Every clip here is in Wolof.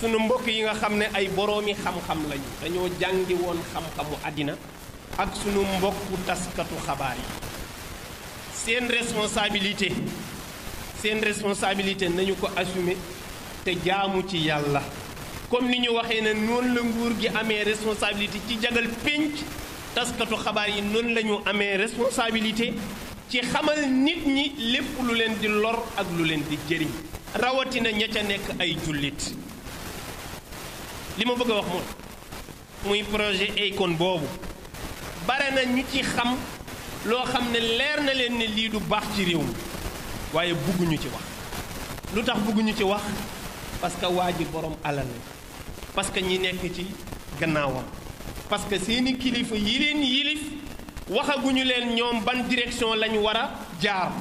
sunu mbokk yi nga xam ne ay boroomi xam-xam lañu dañoo jàngi woon xam-xamu àddina ak sunu mbokku taskatu xabaar yi seen responsabilité seen responsabilité nañu ko assumer te jaamu ci yàlla comme ni ñu waxee ne noon la nguur gi amee responsabilité ci jagal pénc taskatu xabaar yi noonu lañu amee responsabilité ci xamal nit ñi lépp lu leen di lor ak lu leen di jëriñ rawatina ña ca nekk ay jullit li ma bëgg a wax mooy muy projet Akon boobu bare na ñu ci xam loo xam ne leer na leen ne lii du baax ci réew mi waaye bugguñu ci wax lu tax bugguñu ci wax parce que waa ji borom alal la parce que ñi nekk ci gannaawam parce que seeni kilifa yi leen yilif waxaguñu leen ñoom ban direction lañu war a jaar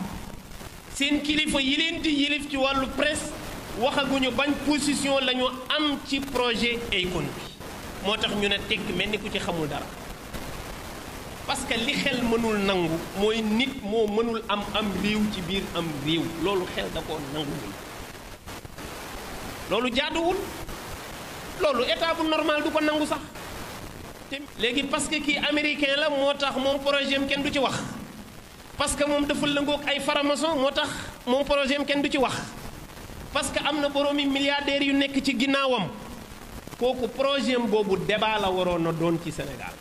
seen kilifa yi leen di yilif ci wàllu presse waxaguñu bañ position la am ci projet Akon bi moo tax ñu ne tekk mel ni ku ci xamul dara parce que li xel mënul nangu mooy nit moo mënul am am réew ci biir am réew loolu xel da ko nanguwul loolu jaaduwul loolu état bu normal du ko nangu sax te léegi parce que kii américain la moo tax moom projet am kenn du ci wax parce que moom dafa lëngoog ay faramason moo tax moom projet kenn du ci wax parce que am na boroomi milliardaires yu nekk ci ginnaawam kooku projet am boobu débat la waroon a doon ci Sénégal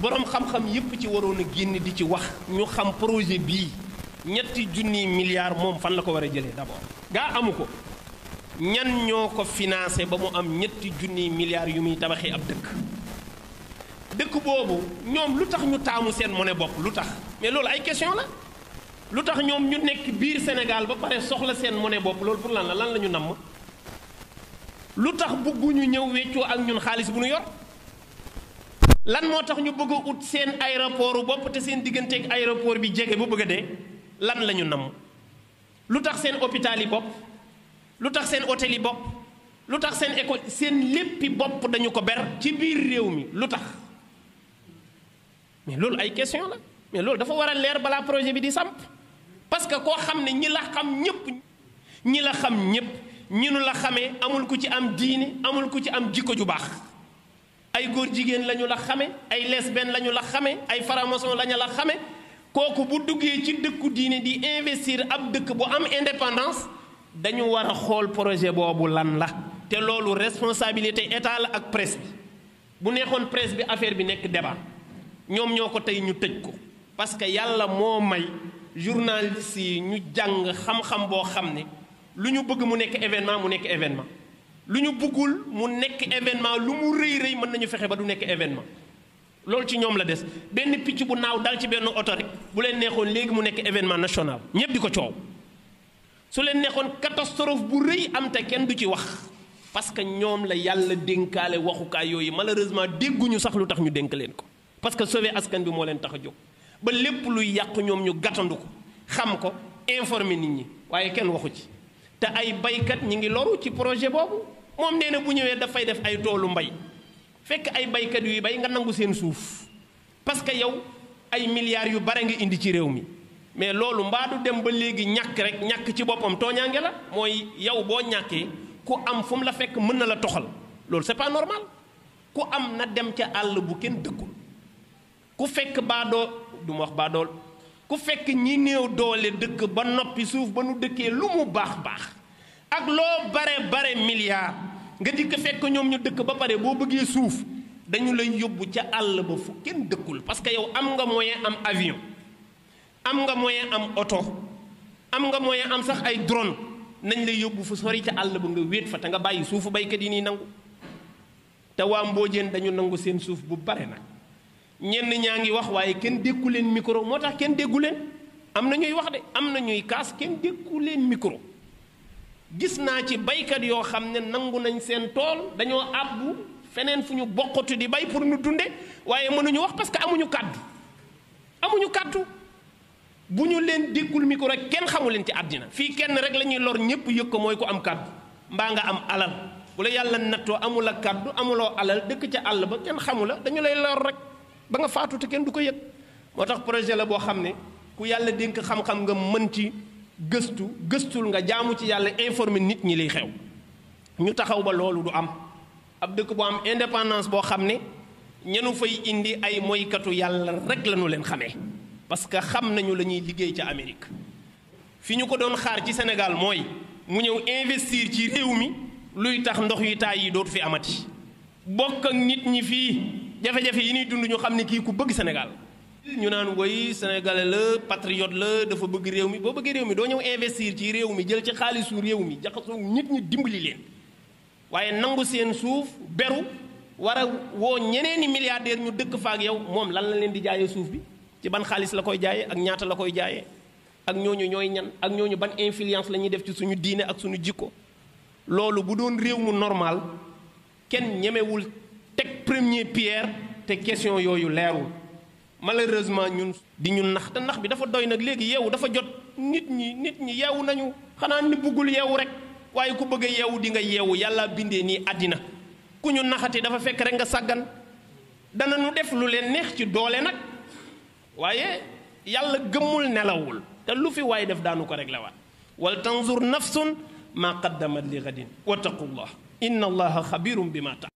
boroom xam-xam yépp ci waroon a génn di ci wax ñu xam projet bii ñetti junniy milliards moom fan la ko war a jëlee d'abord gaa amu ko ñan ñoo ko financé ba mu am ñetti junniy milliards yu muy tabaxee ab dëkk dëkk boobu ñoom lu tax ñu taamu seen monnaie bopp lu tax mais loolu ay question la lu tax ñoom ñu nekk biir Sénégal ba pare soxla seen monnaie bopp loolu pour lan la lan la ñu namm lu tax bëgguñu ñëw weccoo ak ñun xaalis bu ñu yor lan moo tax ñu bëgg ut seen aéroport bopp te seen diggante ak aéroport bi jege bu bëgg a dee lan lañu ñu namm lu tax seen hôpital yi bopp lu tax seen hôtel yi bopp lu tax seen école seen léppi bopp dañu ko ber ci biir réew mi lu tax mais loolu ay question la mais loolu dafa war a leer balaa projet bi di samp parce que nous xamne, ñi la xam Nous ñi la xam ñëpp ñi la xamé amul ku ci am amul ku ci am jikko ju nous ay goor jigen lañu la xamé ay lesben lañu la xamé ay lañu la xamé koku bu ci dëkku di investir ab dëkk bu am indépendance dañu projet la presse bu neexon presse bi affaire bi débat ñom ñoko tay ñu parce que yalla mo may journaliste yi ñu jàng xam-xam boo xam ne lu ñu bëgg mu nekk événement mu nekk événement lu ñu bëggul mu nekk événement lu mu rëy rëy mën nañu fexe ba du nekk événement loolu ci ñoom la des benn picc bu naaw dal ci benn oto rek bu leen neexoon léegi mu nekk événement national ñëpp di ko coow su leen neexoon catastrophe bu rëy am te kenn du ci wax parce que ñoom la yàlla dénkaale waxukaay yooyu malheureusement dégguñu sax lu tax ñu dénk leen ko parce que sauver askan bi moo leen tax a jóg ba lépp luy yàqu ñoom ñu gàttandu ko xam ko informer nit ñi waaye kenn waxu ci te ay baykat ñi ngi loru ci projet boobu moom nee na mu ñëwee dafay def ay toolu mbay fekk ay baykat yuy bay nga nangu seen suuf parce que yow ay milliards yu bare nga indi ci réew mi mais loolu mbaa du dem ba léegi ñàkk rek ñàkk ci boppam tooñaange la mooy yow boo ñàkkee ku am fu mu la fekk mën na la toxal loolu c'est normal ku am na dem ca àll bu kenn dëkkul ku fekk baadoo du wax baadool ku fekk ñi néew doole dëkk ba noppi suuf ba nu dëkkee lu mu baax baax ak loo bare bare milliard nga dikk fekk ñoom ñu dëkk ba pare boo bëggee suuf dañu lay yóbbu ca àll ba fu kenn dëkkul parce que yow am nga moyen am avion am nga moyen am oto am nga moyen am sax ay drone nañ lay yóbbu fu sori ca àll ba nga wéet fa te nga bàyyi suufu baykat yi nii nangu te waa mboojeen dañu nangu seen suuf bu bare na ñenn ñaa ngi wax waaye kenn dékku leen micro moo tax kenn déggu leen am na ñuy wax de am na ñuy kaas kenn dékku leen micro gis naa ci baykat yoo xam ne nangu nañ seen tool dañoo àbbu feneen fu ñu boqatu di bay pour ñu dunde waaye mënuñu wax parce que amuñu kàddu amuñu kàddu bu ñu leen dékkul micro rek kenn xamu leen ci àddina fii kenn rek la ñuy lor ñépp yëg ko mooy ko am kàddu mbaa nga am alal bu la yàlla nattoo amula kàddu amuloo alal dëkk ca àll ba kenn xamu dañu lay lor rek ba nga faatu te kenn du ko yëg moo tax projet la boo xam ne ku yàlla dénk xam-xam nga mën ci gëstu gëstul nga jaamu ci yàlla informer nit ñi liy xew ñu taxaw ba loolu du am ab dëkk bu am indépendance boo xam ne ñenu fay indi ay moykatu yàlla rek la leen xame parce que xam nañu la ñuy liggéey ca Amérique fi ñu ko doon xaar ci Sénégal mooy mu ñëw investir ci réew mi luy tax ndox yi taay yi dootu fi amati bokk ak nit ñi fii jafe-jafe yi ñuy dund ñu xam ne kii ku bëgg Sénégal ñu naan woy sénégalais la patriote la dafa bëgg réew mi boo bëggee réew mi doo ñëw investir ci réew mi jël ci xaalisu réew mi jaxasoo nit ñi dimbali leen waaye nangu seen suuf beru war a woo ñeneeni milliardaire ñu dëkk fa ak yow moom lan la leen di jaayee suuf bi ci ban xaalis la koy jaayee ak ñaata la koy jaayee ak ñooñu ñooy ñan ak ñooñu ban influence la ñuy def ci suñu diine ak suñu jikko loolu bu doon réew mu normal kenn ñemewul teg premier pierre te question yooyu leerul malheureusement ñun di ñu nax te nax bi dafa doy nag léegi yeewu dafa jot nit ñi nit ñi yeewu nañu xanaa ni buggul yeewu rek waaye ku bëgg a yeewu di nga yeewu yàlla bindee nii àddina ku ñu naxati dafa fekk rek nga sàggan dana nu def lu leen neex ci doole nag waaye yàlla gëmmul nelawul te lu fi waaye def daanu ko rek la waat wal tanzur nafsun maa qaddamat li gadin wa inna allaha xabirum bi ma ta